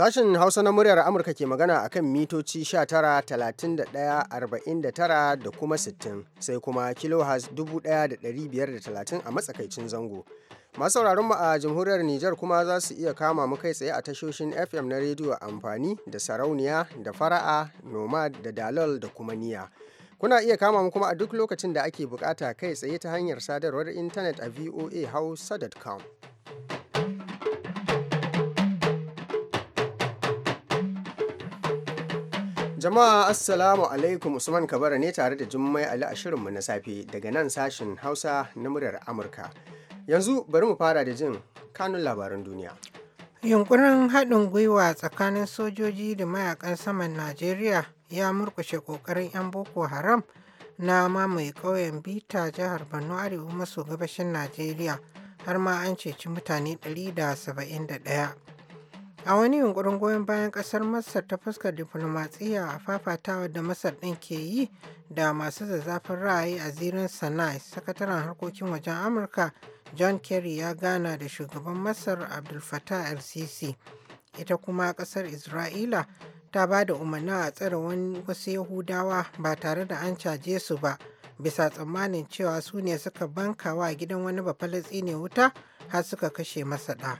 Sashen Hausa na muryar Amurka ke magana a kan mitoci 19,31,49 da kuma 60 sai kuma da 1,530 a matsakaicin zango. Masu sauraron mu a jamhuriyar Nijar kuma za su iya kama mu kai tsaye a tashoshin FM na rediyo amfani da sarauniya da fara'a, nomad da dalol da kuma niya. Kuna iya kama mu kuma a duk lokacin da ake bukata kai tsaye ta hanyar sadarwar intanet a voahausa.com. Jama'a Assalamu alaikum Usman Kabara ne tare da Jummai Ali a shirinmu na safe daga nan sashin Hausa na muryar Amurka. Yanzu bari mu fara da jin kanun labaran duniya. Yunkurin haɗin gwiwa tsakanin sojoji da mayakan saman Najeriya ya murkushe ƙoƙarin 'yan Boko Haram na mamaye ƙauyen Bita jihar Borno Arewa maso gabashin Najeriya har ma an ceci mutane 171. A wani yunkurin goyon bayan ƙasar Masar ta fuskar diflomasiyya a fafatawa da Masar ɗin ke yi da masu zazzafin ra'ayi a zirin sana'a, Sakataren Harkokin Wajen Amurka John Kerry ya gana da shugaban Masar Abdul Fattah el Ita kuma ƙasar Isra'ila ta ba da umarni a tsare wasu Yahudawa ba tare da an caje su ba, bisa tsammanin cewa su ne suka bankawa gidan wani Bafalatsi ne wuta har suka kashe masa ɗa.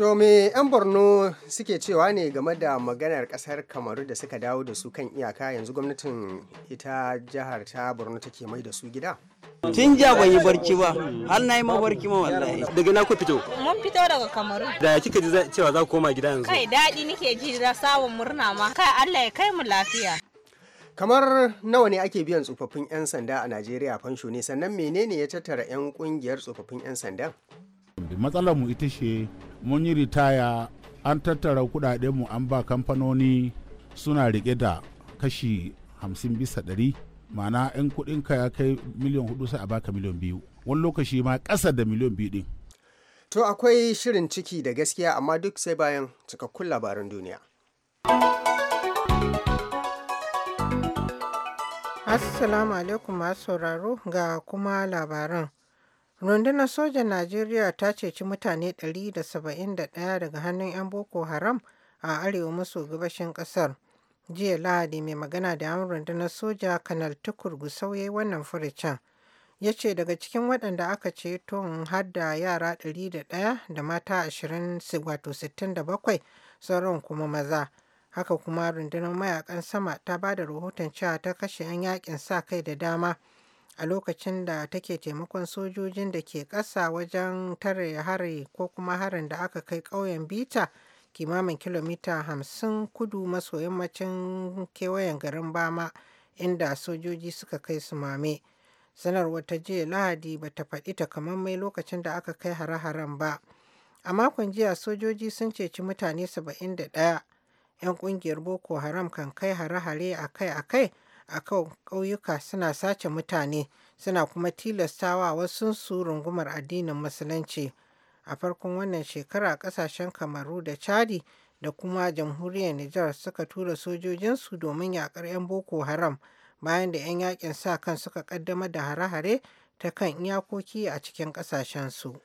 To me 'yan Borno suke cewa ne game da maganar kasar Kamaru da suka dawo da su kan iyaka yanzu gwamnatin ita jihar ta Borno take mai da su gida? Tun ja ban yi barci ba, har na yi barci ma wallahi. Daga na ku fito? Mun fito daga Kamaru. Da ya kika ji cewa za ku koma gida yanzu? Kai daɗi nake ji da sabon murna ma. Kai Allah ya kai mu lafiya. kamar nawa ne ake biyan tsofaffin 'yan sanda a najeriya fansho ne sannan menene ya tattara 'yan kungiyar tsofaffin 'yan sanda matsalar mu ita ce mun yi ritaya an tattara kudaden mu an ba kamfanoni suna rike da kashi hamsin bisa ɗari ma'ana in kuɗin ka ya kai miliyan hudu sai a baka miliyan biyu wani lokaci ma ƙasa da miliyan biyu ɗin. to akwai shirin ciki da gaskiya amma duk sai bayan cikakkun labaran duniya. Assalamu alaikum masu sauraro ga kuma labaran. Rundunar sojan Najeriya ta ceci mutane 171 daga hannun 'yan Boko Haram a arewa maso gabashin ƙasar. Jiya Lahadi mai magana da 'yan rundunar soja Kanal Tukur Gusau ya wannan furucin. Ya ce daga cikin waɗanda aka ceto har da yara 101 da mata 20 wato 67 sauran kuma maza. Haka kuma rundunar mayakan sama ta ba da rahoton cewa ta kashe 'yan yakin sa kai da dama a lokacin da take taimakon sojojin da ke ƙasa wajen tare hari ko kuma harin da aka kai ƙauyen bita kimamin kilomita hamsin kudu maso yammacin kewayen garin bama inda sojoji suka kai su mame sanarwar ta jiya lahadi ba ta faɗi takamaimai lokacin da aka kai hare-haren ba a makon jiya sojoji sun ceci mutane 71 'yan ƙungiyar boko haram kan kai hare-hare akai-akai a kan ƙauyuka suna sace mutane suna kuma tilastawa wasu su rungumar addinin musulunci a farkon wannan shekara ƙasashen kamaru da chadi da kuma jamhuriyar nijar suka tura sojojinsu domin yaƙar 'yan boko haram bayan da 'yan yakin sa kan suka ƙaddamar da hare-hare ta kan iyakoki a cikin ƙasashensu.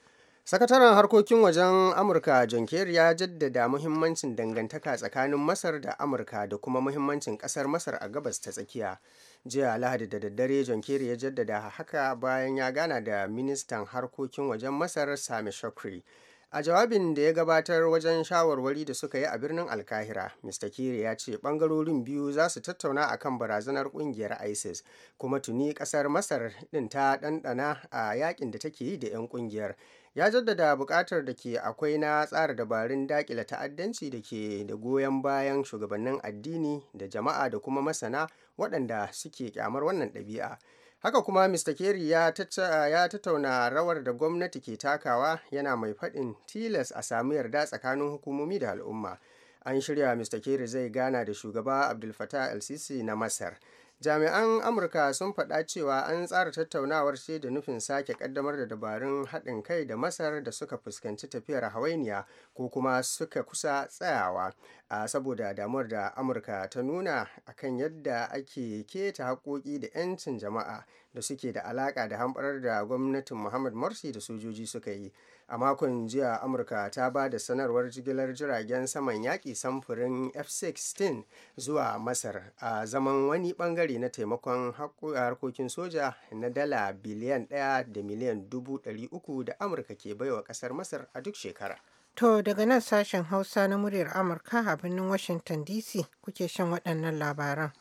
sakataren harkokin wajen amurka john kerry ya jaddada muhimmancin dangantaka tsakanin masar da amurka da kuma muhimmancin kasar masar a gabas ta tsakiya jiya lahadi da daddare john kerry ya jaddada haka bayan ya gana da ministan harkokin wajen masar sami shokri a jawabin da ya gabatar wajen shawarwari da suka yi a birnin alkahira mr kiri ya ce bangarorin biyu za su tattauna kan barazanar kungiyar isis kuma tuni kasar masar din ta ɗanɗana a yakin da take yi da 'yan kungiyar ya jaddada buƙatar da ke akwai na tsara dabarun daƙila ta'addanci da ke da goyon bayan shugabannin addini da jama'a da kuma masana waɗanda suke kyamar wannan ɗabi'a haka kuma mr kerry ya tattauna rawar da gwamnati ke takawa yana mai faɗin tilas a samu yarda tsakanin hukumomi da al'umma an shirya mr kerry zai gana da shugaba abdulfatah al sisi na masar jami'an amurka sun faɗa cewa an tsara tattaunawar ce da nufin sake kaddamar da dabarun haɗin kai da masar da suka fuskanci tafiyar hawainiya ko kuma suka kusa tsayawa a saboda damuwar da amurka ta nuna akan yadda ake keta haƙoƙi da 'yancin jama'a da suke da alaƙa da hamɓarar da gwamnatin muhammad morsi da sojoji suka yi a makon jiya amurka ta ba da sanarwar jigilar jiragen saman yaƙi samfurin f-16 zuwa masar a zaman wani bangare na taimakon harkokin soja na dala biliyan 1 da miliyan 300 da amurka ke baiwa ƙasar masar a duk shekara To daga nan sashen Hausa na muryar Amurka a birnin Washington DC kuke shan waɗannan labaran.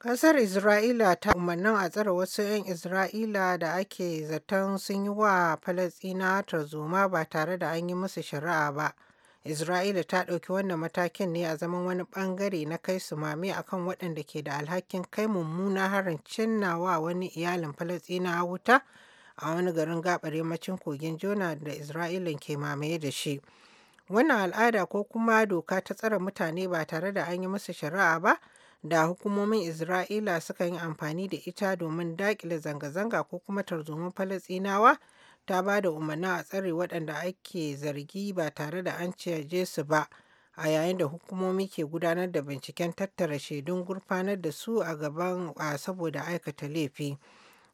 Ƙasar Isra'ila ta umarnin a tsare wasu 'yan Isra'ila da ake zaton sun yi wa Falasina tarzoma ba tare da an yi musu shari'a ba. Isra'ila ta ɗauki wannan matakin ne a zaman wani ɓangare na kai su mame akan waɗanda ke da alhakin kai mummuna harin cinnawa wani iyalin Falasina wuta a wani garin gaɓar yammacin kogin Jona da Isra'ilan ke mamaye da shi. Wannan al'ada ko kuma doka ta tsare mutane ba tare da an yi musu shari'a ba. da hukumomin Isra'ila suka yi amfani da ita domin daƙile zanga-zanga ko kuma tarzoman Falasɗinawa ta ba da umarni a tsare waɗanda ake zargi ba tare da an ciyarje su ba a yayin da hukumomi ke gudanar da binciken tattara shaidun gurfanar da su a gaban a saboda aikata laifi.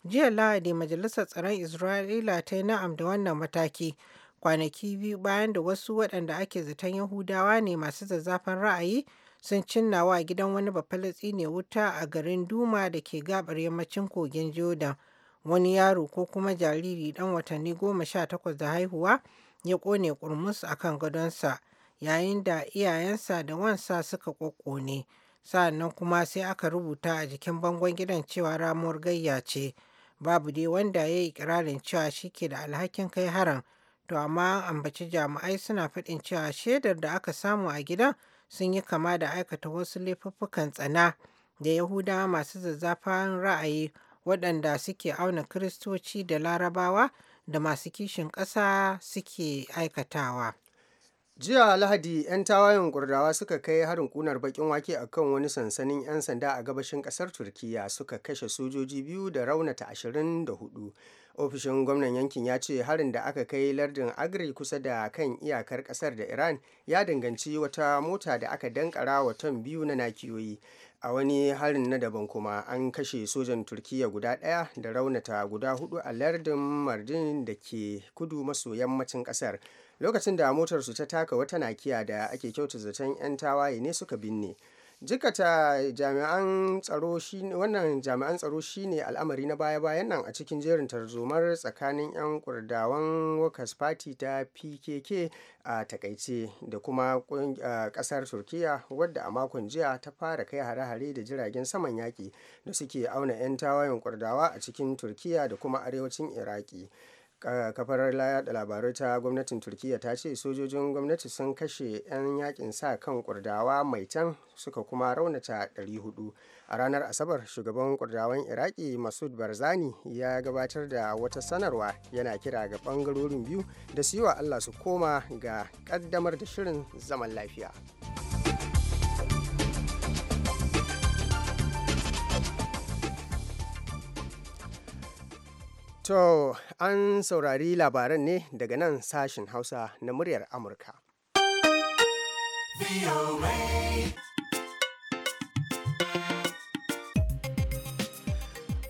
Jiya Lahadi Majalisar Tsaron Isra'ila ta yi na'am da wannan mataki kwanaki biyu bayan da wasu waɗanda ake zaton Yahudawa ne masu zazzafan ra'ayi sun cinnawa gidan wani bafalatsi ne wuta a garin duma da ke gabar yammacin kogin jordan wani yaro ko kuma jariri dan watanni goma sha takwas da haihuwa ya kone kurmus a kan gadonsa yayin da iyayensa da wansa suka kokkone sa'annan kuma sai aka rubuta a jikin bangon gidan cewa ramuwar gayya ce babu dai wanda ya yi ikirarin cewa shi ke da alhakin kai haran to amma an ambaci jami'ai suna faɗin cewa shaidar da aka samu a gidan sun yi kama da aikata wasu laifuffukan tsana da Yahudawa masu zazzafan ra'ayi waɗanda suke auna Kiristoci da Larabawa da masu kishin ƙasa suke aikatawa. jiya lahadi 'yan tawayen gurdawa suka kai harin kunar bakin wake a kan wani sansanin 'yan sanda a gabashin ƙasar turkiya suka kashe sojoji biyu da raunata 24 ofishin gwamnan yankin ya ce harin da aka kai lardin agri kusa da kan iyakar kasar da iran ya danganci wata mota da aka dankara wa ton biyu na nakiyoyi a wani harin na daban kuma an kashe sojan turkiya guda daya da raunata guda hudu a lardin mardin da ke kudu maso yammacin kasar lokacin da motarsu ta taka wata nakiya da ake kyauta zaton 'yan tawaye ne suka binne jikata jami'an tsaro shine wannan jami'an tsaro shine al'amari na baya-bayan nan a cikin jerin tarzomar tsakanin 'yan kurdawan workers party ta pkk a takaice da kuma kasar turkiya wadda a makon jiya ta fara kai hare-hare da jiragen saman yaƙi da suke auna 'yan tawayen kurdawa a cikin turkiya da kuma arewacin iraki kafar yada labarai ta gwamnatin turkiya ta ce sojojin gwamnati sun kashe 'yan yakin sa kan kurdawa mai can suka kuma raunata 400 a ranar asabar shugaban kurdawan iraki masud barzani ya gabatar da wata sanarwa yana kira ga ɓangarorin biyu da su yi wa allah su koma ga kaddamar da shirin zaman lafiya. To, an saurari labaran ne daga nan sashen Hausa na muryar Amurka.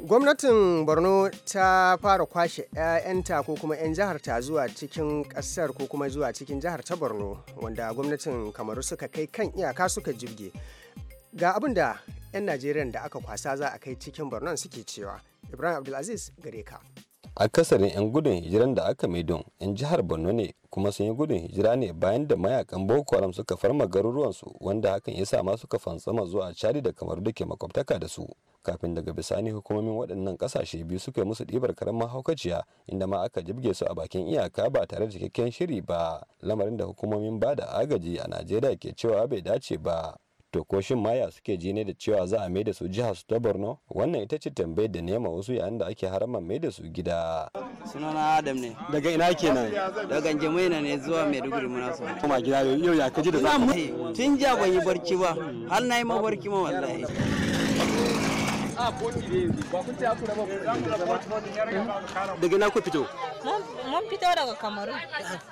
Gwamnatin Borno ta fara kwashe 'ya'yanta ko kuma 'yan jihar ta zuwa cikin ƙasar ko kuma zuwa cikin jihar ta Borno wanda gwamnatin Kamaru suka kai kan iyaka suka jirge. Ga abin da 'yan Najeriya da aka kwasa za a kai cikin Borno suke cewa. Ibrahim Abdulaziz gare ka. akasarin 'yan gudun hijiran da aka maidon 'yan jihar borno ne kuma sun yi gudun hijira ne bayan da mayakan boko haram suka farma garuruwansu wanda hakan ya sa masu kafan fantsama zuwa cadi da kamaru da ke makwabtaka da su kafin daga bisani hukumomin waɗannan ƙasashe biyu suka musu ɗibar karamar haukaciya inda ma aka jibge su a bakin iyaka ba tare da cikakken shiri ba lamarin da hukumomin ba da agaji a najeriya ke cewa bai dace ba to ko shin maya suke ji ne da cewa za a maida su jihar su ta borno wannan ita ce tambayar da nema wasu yayin da ake haraman maida su gida sunana adam ne daga ina kenan daga jamaina ne zuwa maiduguri muna so kuma gida yau ya kaji da za mu tun ja ban yi barci ba har na yi mabarki ma wallahi daga na ku fito mun fito daga kamaru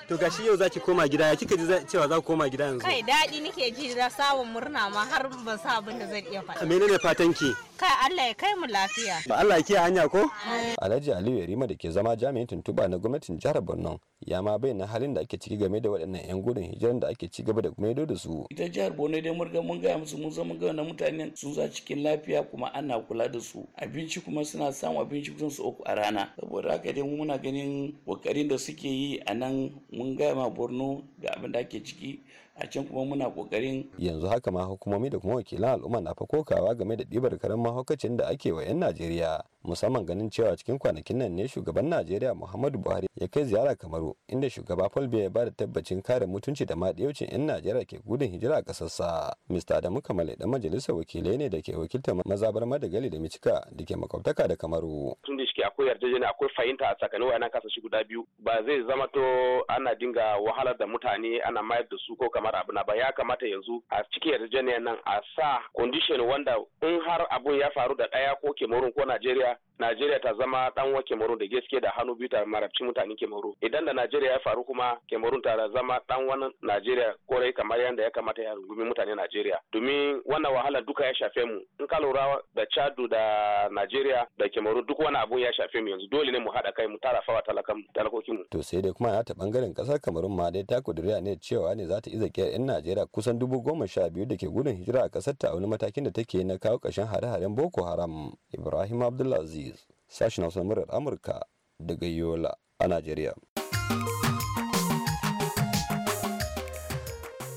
to gashi yau zaki koma gida ya kika ji cewa za ku koma gida yanzu kai daɗi nike ji da samun murna ma har ban sa abin da zan iya faɗa ne fatan ki kai Allah ya kai mu lafiya ba Allah ya hanya ko eh. Alhaji Aliyu Yarima da ke zama jami'in tuntuba na gwamnatin jihar Borno ya ma bayyana halin da ake ciki game da waɗannan 'yan gudun hijiran da ake ci gaba da gumedo da su ita jihar Borno dai mun ga mun ga musu mun zama ga mutanen sun za cikin lafiya kuma ana kula kula da su abinci kuma suna samun abinci kusan su uku a rana saboda haka dai mu muna ganin kokarin da suke yi a nan mun gaya ma borno ga abin da ake ciki a can kuma muna kokarin yanzu haka ma hukumomi da kuma wakilan al'umma na fa kokawa game da ɗibar karen mahaukacin da ake wa 'yan najeriya musamman ganin cewa cikin kwanakin nan ne shugaban najeriya muhammadu buhari ya kai ziyara kamaru inda shugaba paul ya ba da tabbacin kare mutunci da maɗiyaucin 'yan najeriya ke gudun hijira a ƙasarsa mr adamu kamale dan majalisar wakilai ne da ke wakiltar mazabar madagali da micika da ke makwabtaka da kamaru tun da shike akwai yarjejeniya akwai fahimta a tsakanin wayannan kasashe guda biyu ba zai zama to ana dinga wahalar da mutane ana mayar da su ko kamar abu na ba ya kamata yanzu a cikin yarjejeniyar nan a sa condition wanda in har abun ya faru da ɗaya ko kemarun ko najeriya Najeriya ta zama dan wa Cameroon da gaske da hannu biyu ta marabci mutanen Cameroon. Idan da Najeriya ya faru kuma Cameroon ta zama dan wani Najeriya kore kamar yadda ya kamata ya rungumi mutanen Najeriya. Domin wannan wahala duka ya shafe mu. In ka lura da Chadu da Najeriya da Cameroon duk wani abu ya shafe mu yanzu dole ne mu haɗa kai mu tara fawa talakan talakokin mu. To sai dai kuma ta bangaren kasar Cameroon ma dai ta kuduriya ne cewa ne za ta iza kiyar 'yan Najeriya kusan dubu goma sha biyu da ke gudun hijira a kasar ta a wani matakin da take na kawo ƙarshen hare-haren Boko Haram. Ibrahim Abdullah Aziz, sashen Hausa murar Amurka daga Yola a Najeriya.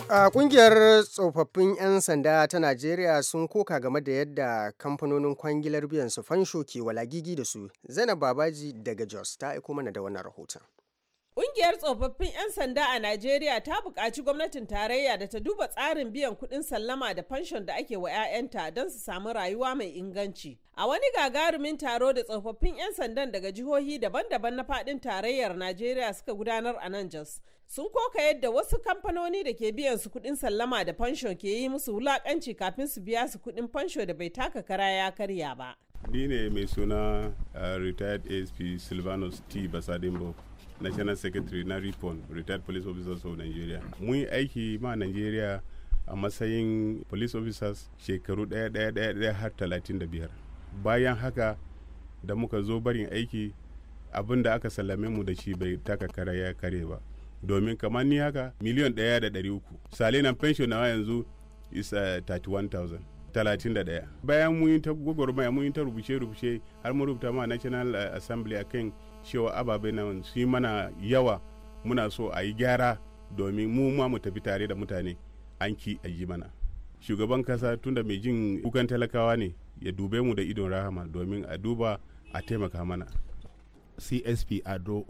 A kungiyar tsofaffin 'yan sanda ta Najeriya sun koka game da yadda kamfanonin kwangilar biyan su fansho ke walagigi da su. Zainab Babaji daga Jos ta aiko mana da wannan rahoton. Ƙungiyar tsofaffin 'yan sanda a Najeriya ta buƙaci gwamnatin tarayya da ta duba tsarin biyan kuɗin sallama da fanshon da ake wa 'ya'yanta don su samu rayuwa mai inganci. A wani gagarumin taro da tsofaffin 'yan sandan daga jihohi daban-daban na faɗin tarayyar Najeriya suka gudanar a nan Jos. Sun koka yadda wasu kamfanoni da ke biyan su kuɗin sallama da fanshon ke yi musu wulaƙanci kafin su biya su kuɗin fansho da bai taka kara ya karya ba. Ni ne mai suna eh, retired ASP Silvanus T. Basadimbo. national secretary na ripon retired police officers of nigeria mu yi aiki ma nigeria a matsayin police officers shekaru ɗaya ɗaya ɗaya ɗaya har talatin da biyar bayan haka da muka zo barin aiki abin da aka sallame mu da shi bai taka kara ya kare ba domin kamar ni haka miliyan daya da ɗari uku salinan pension nawa yanzu is eh, Talatin da daya bayan mun yi ta gwagwarmaya mun yi ta rubuce-rubuce har mu rubuta ma national eh, assembly a akan cewa ababe nan su mana yawa muna so a yi gyara domin mu ma mu tafi tare da mutane an ki a yi mana shugaban kasa tunda mai jin kukan talakawa ne ya dube mu da idon rahama domin a duba a taimaka mana csp ado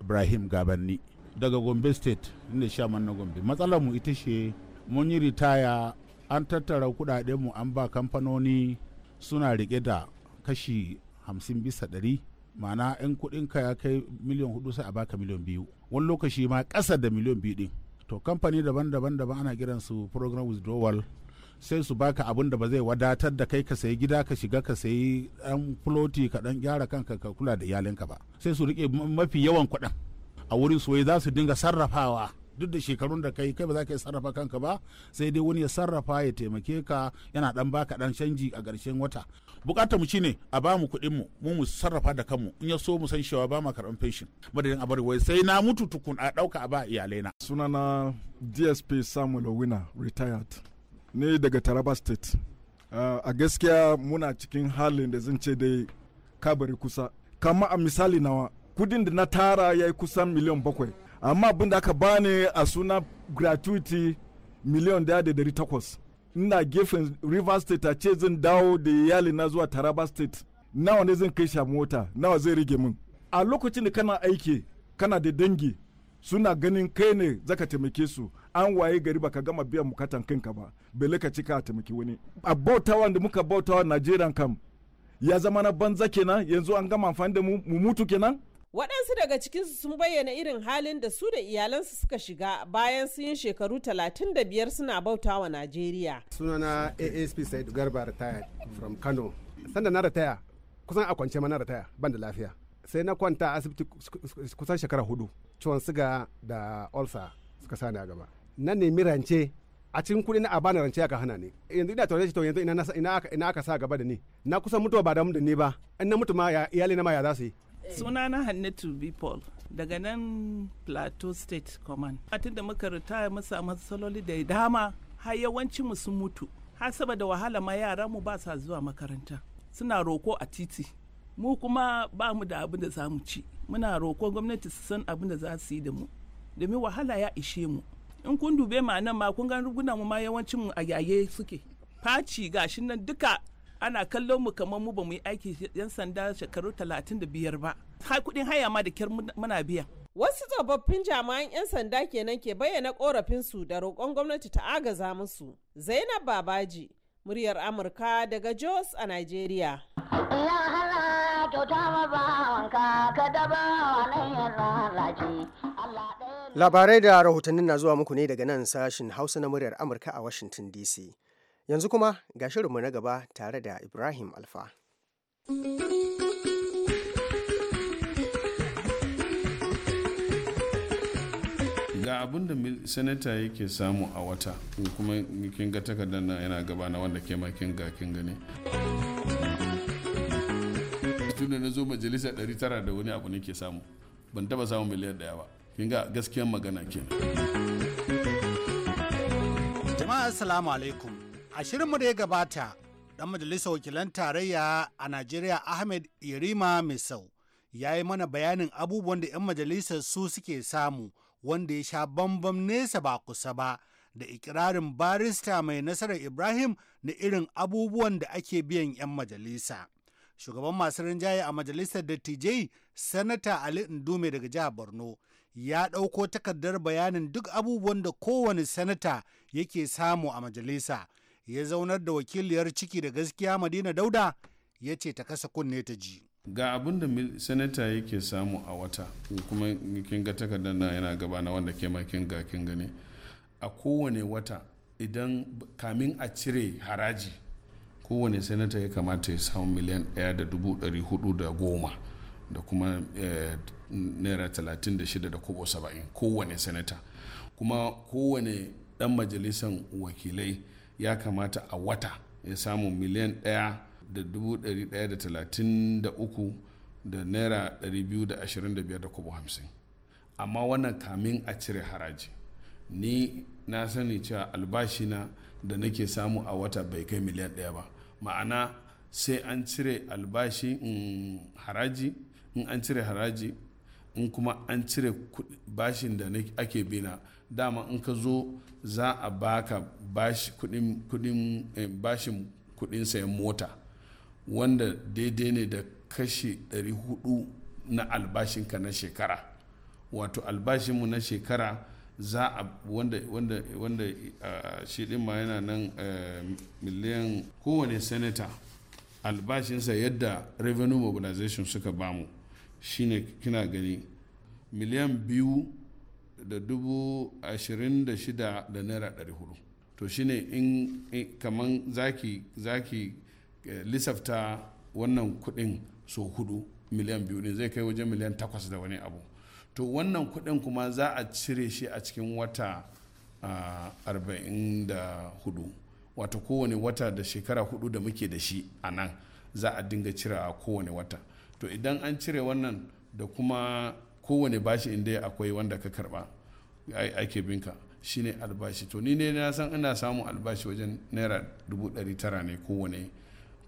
ibrahim gabanni daga gombe state inda shaman na gombe matsalar mu ita ce mun yi ritaya an tattara kudaden mu an ba kamfanoni suna rike da kashi 50 bisa ɗari. ma'ana in ka ya kai miliyan hudu sai a baka miliyan biyu wani lokaci ma kasa da miliyan biyu din to kamfani daban-daban daban ana kiran su program withdrawal sai su baka abun da ba zai wadatar da kai ka sayi gida ka shiga ka sayi ɗan floti ka dan gyara kanka ka kula da iyalinka ba sai su rike mafi yawan kuɗin a wurin soyayya za su dinga sarrafawa duk da shekarun da kai kai ba za ka sarrafa kanka ba sai dai wani ya sarrafa ya taimake ka yana dan baka dan canji a ƙarshen wata bukatar mu shine a ba mu kuɗin mu mu mu sarrafa da kanmu in ya so mu san cewa ba ma karɓan pension madadin a bari wai sai na mutu tukun a ɗauka a ba iyalai na sunana DSP Samuel Owina retired ne daga Taraba State ah, a gaskiya muna cikin halin da zan ce dai kabari kusa kama a misali nawa kudin da na tara ya yi kusan miliyan bakwai amma abin da aka bani a suna gratuity miliyan daya da dari takwas ina gefen river state a ce zan dawo da iyali na zuwa taraba state nawa ne zan kai sha mota nawa zai rage min a lokacin da kana aiki kana da dangi suna ganin kai ne zaka taimake su an waye gari baka gama biyan bukatan kanka ba bele ka cika taimaki wani a bautawa da muka bautawa najeriya kam ya zama na banza kenan yanzu an gama amfani da mu mu mutu kenan waɗansu daga cikinsu sun bayyana irin halin da su da iyalansu suka shiga bayan sun yi shekaru 35 suna bauta wa najeriya sunana asp said garba retired from kano sanda na retire kusan a kwance ma na retire ban da lafiya sai na kwanta asibiti kusan shekara hudu ciwon siga da ulcer suka sani a gaba na nemi rance a cikin kuɗi na abana rance aka hana ni yanzu ina tare shi yanzu ina aka sa gaba da ni na kusan mutuwa ba da ni ba in na mutu ma iyali na ma ya za su yi Suna eh. sunana hannatu b paul daga nan plateau state command tun da muka ritaya mu samu matsaloli da dama har yawanci mu sun mutu har saboda wahala ma yara mu ba sa zuwa makaranta suna roko a titi mu kuma ba mu da abin da za mu ci muna roko gwamnati su san abin da za su yi da mu domin wahala ya ishe mu in kun dube ma nan ma kun gan rugunan mu ma yawancin mu a yaye suke faci gashi nan duka ana kallon mu kamar mu ba mu yi aiki yan sanda shekaru talatin da biyar ba ha kuɗin haya ma da kyar muna biya wasu tsofaffin jami'an 'yan sanda kenan ke bayyana su da roƙon gwamnati ta agaza musu zainab babaji muryar amurka daga jos a nigeria labarai da rahotannin na zuwa muku ne daga nan sashin hausa na muryar amurka a washington dc Yanzu kuma ga shirinmu na gaba tare da Ibrahim Alfa. ga abin da sanata yake samu a wata kuma kin ga takardar na yana gaba na wanda ke makin ga kin gani. tunda na zo majalisa 900 da wani abu ne ke samu ban taba samu miliyan daya ba kin ga gaskiyar magana kenan jama'a assalamu alaikum A shirinmu da ya gabata, ɗan majalisa wakilan tarayya a Najeriya Ahmed Irima Misau ya yi mana bayanin abubuwan da 'yan majalisar su suke samu wanda ya sha bambam nesa ba kusa ba da ikirarin barista mai nasarar Ibrahim na irin abubuwan da ake biyan 'yan majalisa. Shugaban masu rinjaye a majalisar dattijai, Sanata Ali Ndume daga jihar Borno, ya ɗauko takardar bayanin duk abubuwan da kowane sanata yake samu a majalisa. ya zaunar da wakiliyar ciki da gaskiya madina dauda ya ce ta kasa kunne ta ji ga abin da sanata yake samu a wata kuma kin ga takardar na yana gaba na wanda ke makin ga kin gane a kowane wata idan kamin a cire haraji kowane sanata ya kamata ya samu miliyan ɗaya da dubu ɗari hudu da goma da kuma eh, naira talatin da shida da kobo saba'in kowane sanata kuma kowane ɗan majalisan wakilai ya kamata a wata ya samu miliyan ɗaya da dubu ɗari ɗaya da talatin da uku da naira ɗari biyu da ashirin da biyar da kubu hamsin amma wannan kamin a cire haraji ni na sani cewa albashina da nake samu a wata bai kai miliyan ɗaya ba ma'ana sai an cire albashi mm, haraji in an cire haraji in kuma an cire bashin da ake bina dama in ka zo za a baka eh, bashin kudin sayan mota wanda daidai ne da kashi 400 na albashinka na shekara wato albashinmu na shekara za a wanda wanda wanda shi din ma yana nan eh, miliyan kowane senator albashinsa yadda revenue mobilization suka bamu shine kina gani miliyan biyu da dubu ashirin da shida da naira ɗari hudu to shine in kaman zaki zaki eh, lissafta wannan kuɗin so hudu miliyan biyu ne zai kai wajen miliyan takwas da wani abu to wannan kuɗin kuma za a cire shi a cikin wata ah, arba'in da hudu wata kowane wata da shekara hudu da muke da shi a nan za a dinga cira kowane wata to idan an cire wannan da kuma kowane bashi inda akwai wanda ka karba ake binka shine albashi to ni ne na san ina samun albashi wajen naira dubu ɗari tara ne kowane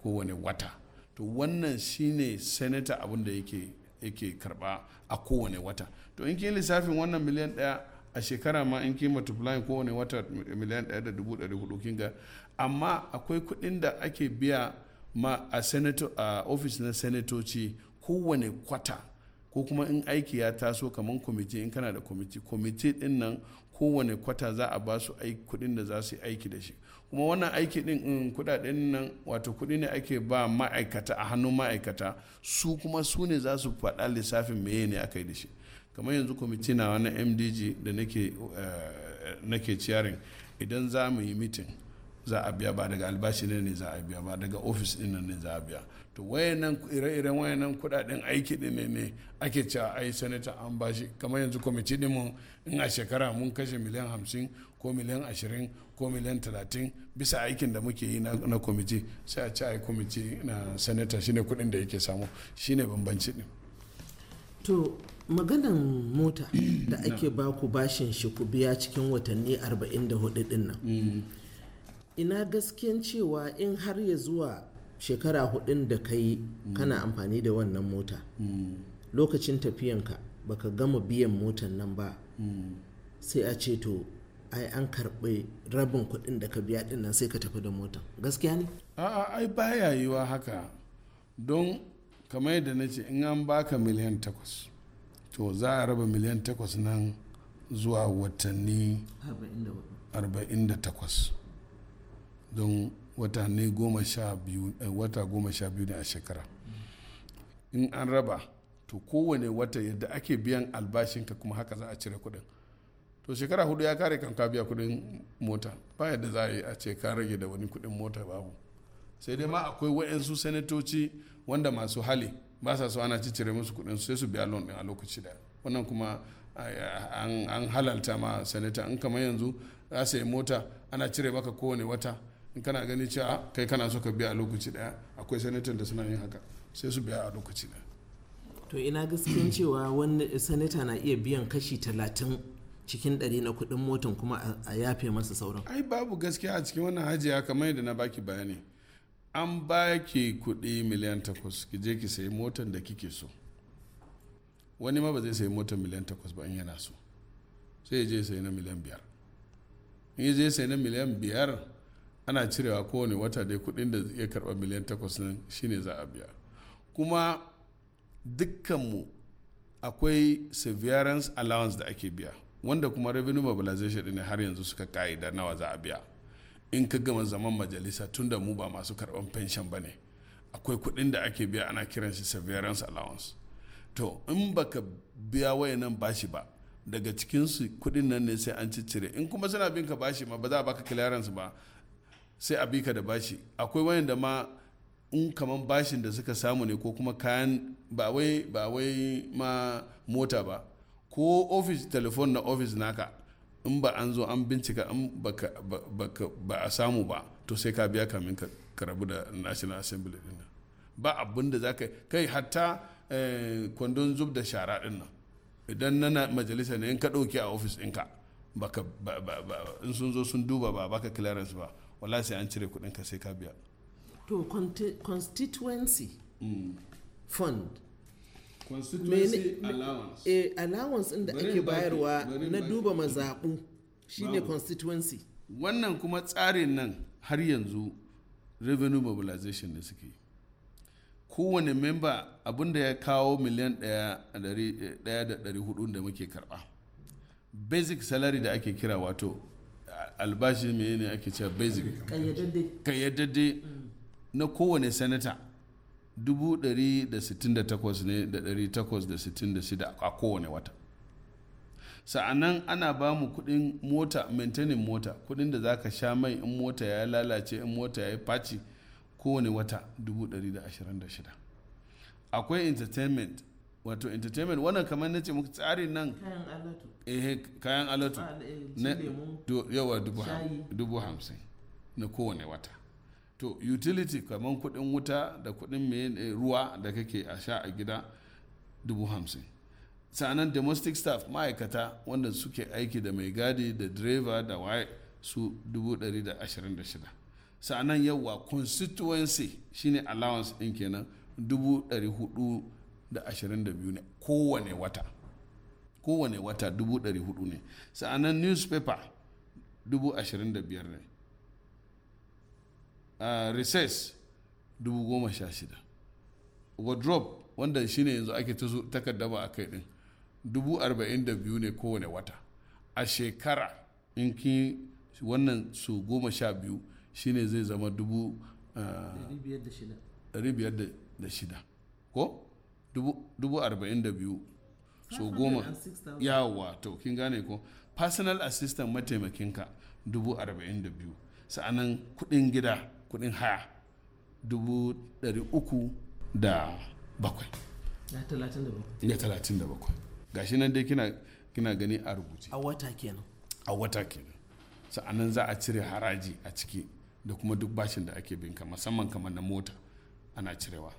kowane wata to wannan shine senator abin da yake yake karba a kowane wata to in kin lissafin wannan miliyan ɗaya a shekara ma in kin multiply kowane wata miliyan ɗaya da dubu ɗari hudu kin ga amma akwai kuɗin da ake biya ma a senator a ofis na senatoci kowane kwata ko kuma in aiki ya taso kamar kwamiti in kana da kwamiti kwamiti din nan kowane kwata za a ba su kudin da za su aiki da shi kuma wannan aiki din in mm, kudaden nan wato kudi ne ake ba ma'aikata a hannun ma'aikata su kuma su ne za su faɗa lissafin meye ne aka yi da shi kamar yanzu kwamiti na wani mdg da nake eh, ciyarin idan za mu yi mitin za a biya ba daga albashi ne ne za a biya ba daga ofis ɗin ne za a biya to wayannan ire-iren wayannan kudaden aiki ɗin ne ake cewa ai sanata an bashi kamar yanzu kwamiti mun in a shekara mun kashe miliyan hamsin ko miliyan ashirin ko miliyan talatin bisa aikin da muke yi na kwamiti sai a ce ai kwamiti na sanata shine kuɗin da yake samu shine bambanci ɗin. to maganan mota da ake baku bashin shi ku biya cikin watanni 44 ɗin nan mm. ina gaskiyan cewa in har ya zuwa shekara hudun da ka yi kana amfani da wannan mota mm. lokacin tafiyanka baka gama biyan motan nan ba mm. sai a ce to ai an karɓi rabin kuɗin da ka biya ɗin nan sai ka tafi da motan gaskiya ne a'a ai baya yiwa haka don kamar yadda na ce in an baka miliyan takwas to za a raba miliyan takwas nan zuwa watanni 48 don wata goma sha biyu eh, wata goma sha biyu ne a shekara in an raba to kowane wata yadda ake biyan albashinka kuma haka za a cire kuɗin to shekara hudu ya kare kan ka biya kuɗin mota ba yadda za a yi a ce ka rage da wani kuɗin mota babu sai dai ma akwai wa'yansu sanatoci wanda masu hali ba sa so ana cire musu kuɗin sai su biya loan ɗin a lokaci da wannan kuma eh, an halalta ma sanata in kamar yanzu za su yi mota ana cire maka kowane wata in kana gani cewa ah, kai kana so ka biya a lokaci daya akwai sanatan da suna yin haka sai su biya a lokaci daya to ina gaskiyan cewa wani sanata na iya biyan kashi talatin cikin ɗari na kuɗin motan kuma a yafe masa sauran ai babu gaskiya a cikin wannan hajiya kamar yadda na baki bayani an baki kuɗi miliyan takwas ki je ki sayi motan da kike so wani ma ba zai sayi motan miliyan takwas ba in yana so sai ya je sayi na miliyan biyar in ya je sayi na miliyan biyar ana cirewa kowane wata dai kudin da ya karba miliyan takwas nan shine za a biya kuma dukkanmu akwai severance allowance da ake biya wanda kuma revenue mobilization ne har yanzu suka da nawa za a biya in ka gama zaman majalisa tun da mu ba masu karban pension ba ne akwai kudin da ake biya ana kiran shi severance allowance to in baka biya nan bashi ba daga cikinsu kudin nan ne sai an ciccire in kuma suna bin ka bashi ma ba za a baka clearance ba sai a bika da bashi akwai wayanda ma in kaman bashin da suka samu ne ko kuma kayan ba wai ba wai ma mota ba ko ofis telefon na ofis naka in ba an zo an bincika in ba a samu ba to sai ka biya kamin ka rabu da national assembly din ba abin da zaka kai hatta eh, kwandon zub da shara din nan idan na majalisa ne in ka ɗauki a ofis ɗinka in sun zo sun duba ba baka clearance ba wala sai an cire kudin ka sai ka biya to constituency mm. fund constituency allowance eh, allowance inda ake bayarwa na duba mazaɓu shine constituency wannan kuma tsarin nan har yanzu revenue mobilization ne suke kowane memba abinda ya kawo miliyan ɗaya da ɗari hudu da muke karɓa basic salary da ake kira wato albashi mai ne ake cewa basic kayyadadde mm. na kowane sanata 168 ne da 866 a kowane wata sa'annan ana ba mu kudin mota maintaining mota kudin da za ka sha mai in mota ya lalace in mota ya yi faci kowane wata 126 akwai entertainment wato entertainment wannan kamar na ce muku tsarin nan kayan alatu eh, eh, na yawa dubu hamsin na kowane wata to utility kamar kudin wuta da kudin eh, ruwa da kake a sha a gida dubu hamsin sanan domestic staff ma'aikata wanda suke aiki da mai gadi da driver da waye su dubu dari da ashirin da shida sanan yawa constituency shine allowance din kenan dubu dari hudu da 22 ne kowane wata kowane wata 400 ne sa'anan newspaper biyar ne a recess shida wardrobe wanda shi ne yanzu ake takarda ba a kai din biyu ne kowane wata a shekara in ki wannan su goma sha biyu shi ne zai zama dubu uh, ko 42,000 so goma yawa to kin gane ko personal assistant mataimakinka 42,000 sa'anan kudin gida kudin haya 307 ya 37 gashi nan dai kina kina gani a rubuce a wata kenan a wata kenan sa'anan za a cire haraji a ciki da kuma duk bashin da ake binka musamman kamar na mota ana cirewa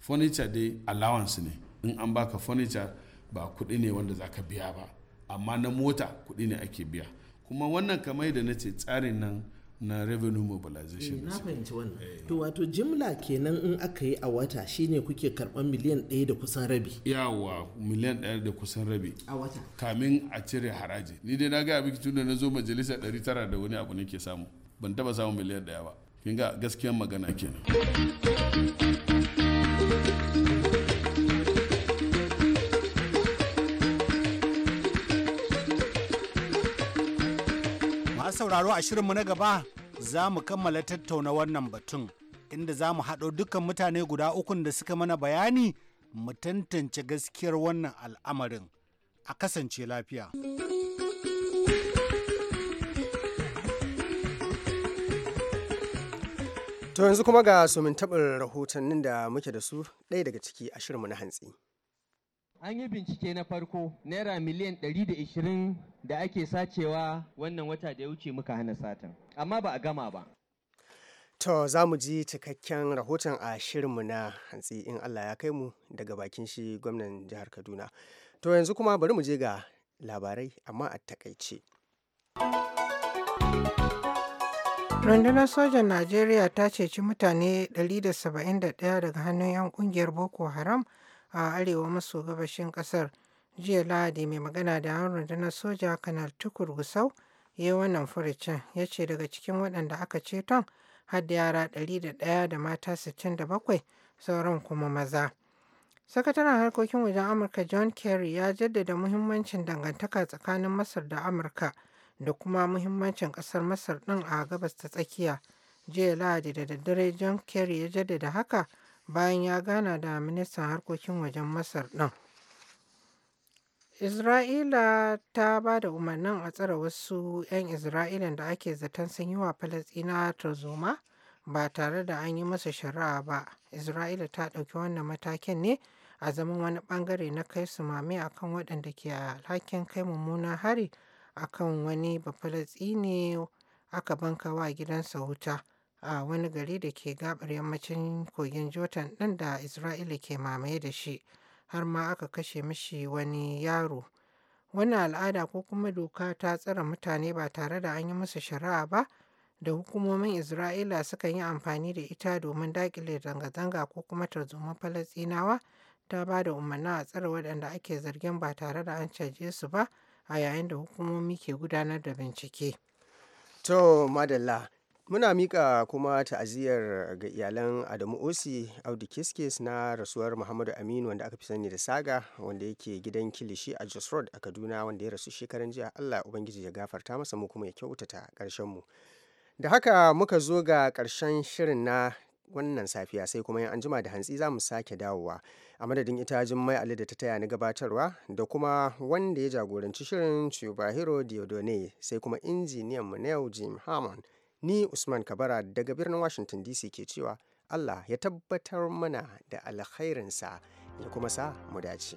furniture dai allowance ne in an baka furniture ba kuɗi ne wanda za ka biya ba amma na mota kuɗi ne ake biya kuma wannan kamar da na ce tsarin nan na revenue mobilization eh, na fahimci wannan eh. to wato jimla kenan in aka yi a wata shine kuke karban miliyan ɗaya da kusan rabi yawa miliyan ɗaya da kusan rabi a wata kamin a cire haraji ni dai na ga miki tunda na zo majalisa ɗari tara da wani abu nake samu ban taba samun miliyan ɗaya ba kin ga gaskiyan magana kenan sauraro a shirinmu na gaba za mu kammala tattauna wannan batun inda za mu haɗo dukkan mutane guda ukun da suka mana bayani mu tantance gaskiyar wannan al'amarin a kasance lafiya. To yanzu kuma ga sumin taɓin rahotannin da muke da su ɗaya daga ciki a shirinmu na hantsi. An yi bincike na farko naira miliyan 120 da ake sacewa wannan wata da ya wuce muka hana satan, amma ba a gama ba. To za mu ji cikakken rahoton a shirinmu na hantsi in Allah ya kai mu daga bakin shi gwamnan jihar Kaduna. To yanzu kuma bari mu je ga labarai amma a takaice. Rundunar sojan Najeriya ta ceci mutane 171 daga hannun 'yan kungiyar Boko Haram a arewa maso gabashin ƙasar. Jiya Lahadi mai magana da yawon rundunar soja Kanal Tukur Gusau ya yi wannan furucin ya ce daga cikin waɗanda aka ceton har da yara ɗari da ɗaya da mata sittin da bakwai. sauran kuma maza. Sakataren harkokin wajen Amurka John Kerry ya jaddada muhimmancin dangantaka tsakanin Masar da Amurka da kuma muhimmancin ƙasar Masar ɗin a gabas ta tsakiya. Jiya Lahadi da daddare John Kerry ya jaddada haka bayan ya gana da ministan harkokin wajen Masar ɗin. Isra'ila ta ba da umarnin a tsare wasu 'yan Isra'ilan da ake zaton sun yi wa ta tarzoma ba tare da an yi masa shari'a ba. Isra'ila ta ɗauki wannan matakin ne a zaman wani ɓangare na kai su mame akan waɗanda ke alhakin kai mummunan hari a kan wani ne aka banka wa gidansa wuta. a wani gari da ke gabar yammacin kogin Jordan ɗin da Isra'ila ke mamaye da shi har ma aka kashe mishi wani yaro. Wannan al'ada ko kuma doka ta tsare mutane ba tare da an yi musu shari'a ba da hukumomin Isra'ila sukan yi amfani da ita domin daƙile zanga-zanga ko kuma Tarzoma Falasɗinawa ta ba da umarna a tsare waɗanda ake zargin ba tare da an caje su ba a yayin da hukumomi ke gudanar da bincike. To madalla muna mika kuma ta'aziyar ga iyalan adamu osi audi kiskis na rasuwar muhammadu aminu wanda aka fi sani da saga wanda yake gidan kilishi a jos road a kaduna wanda ya rasu shekaran jiya allah ubangiji ya gafarta masa mu kuma ya kyautata karshen mu da haka muka zo ga karshen shirin na wannan safiya sai kuma yan anjima da hantsi za mu sake dawowa a madadin ita jummai ali da ta taya na gabatarwa da kuma wanda ya jagoranci shirin chubahiro diodone sai kuma injiniyan mu na yau jim hammond ni usman kabara daga birnin washington dc ke cewa allah ya tabbatar mana da alkhairinsa ya kuma sa mu dace.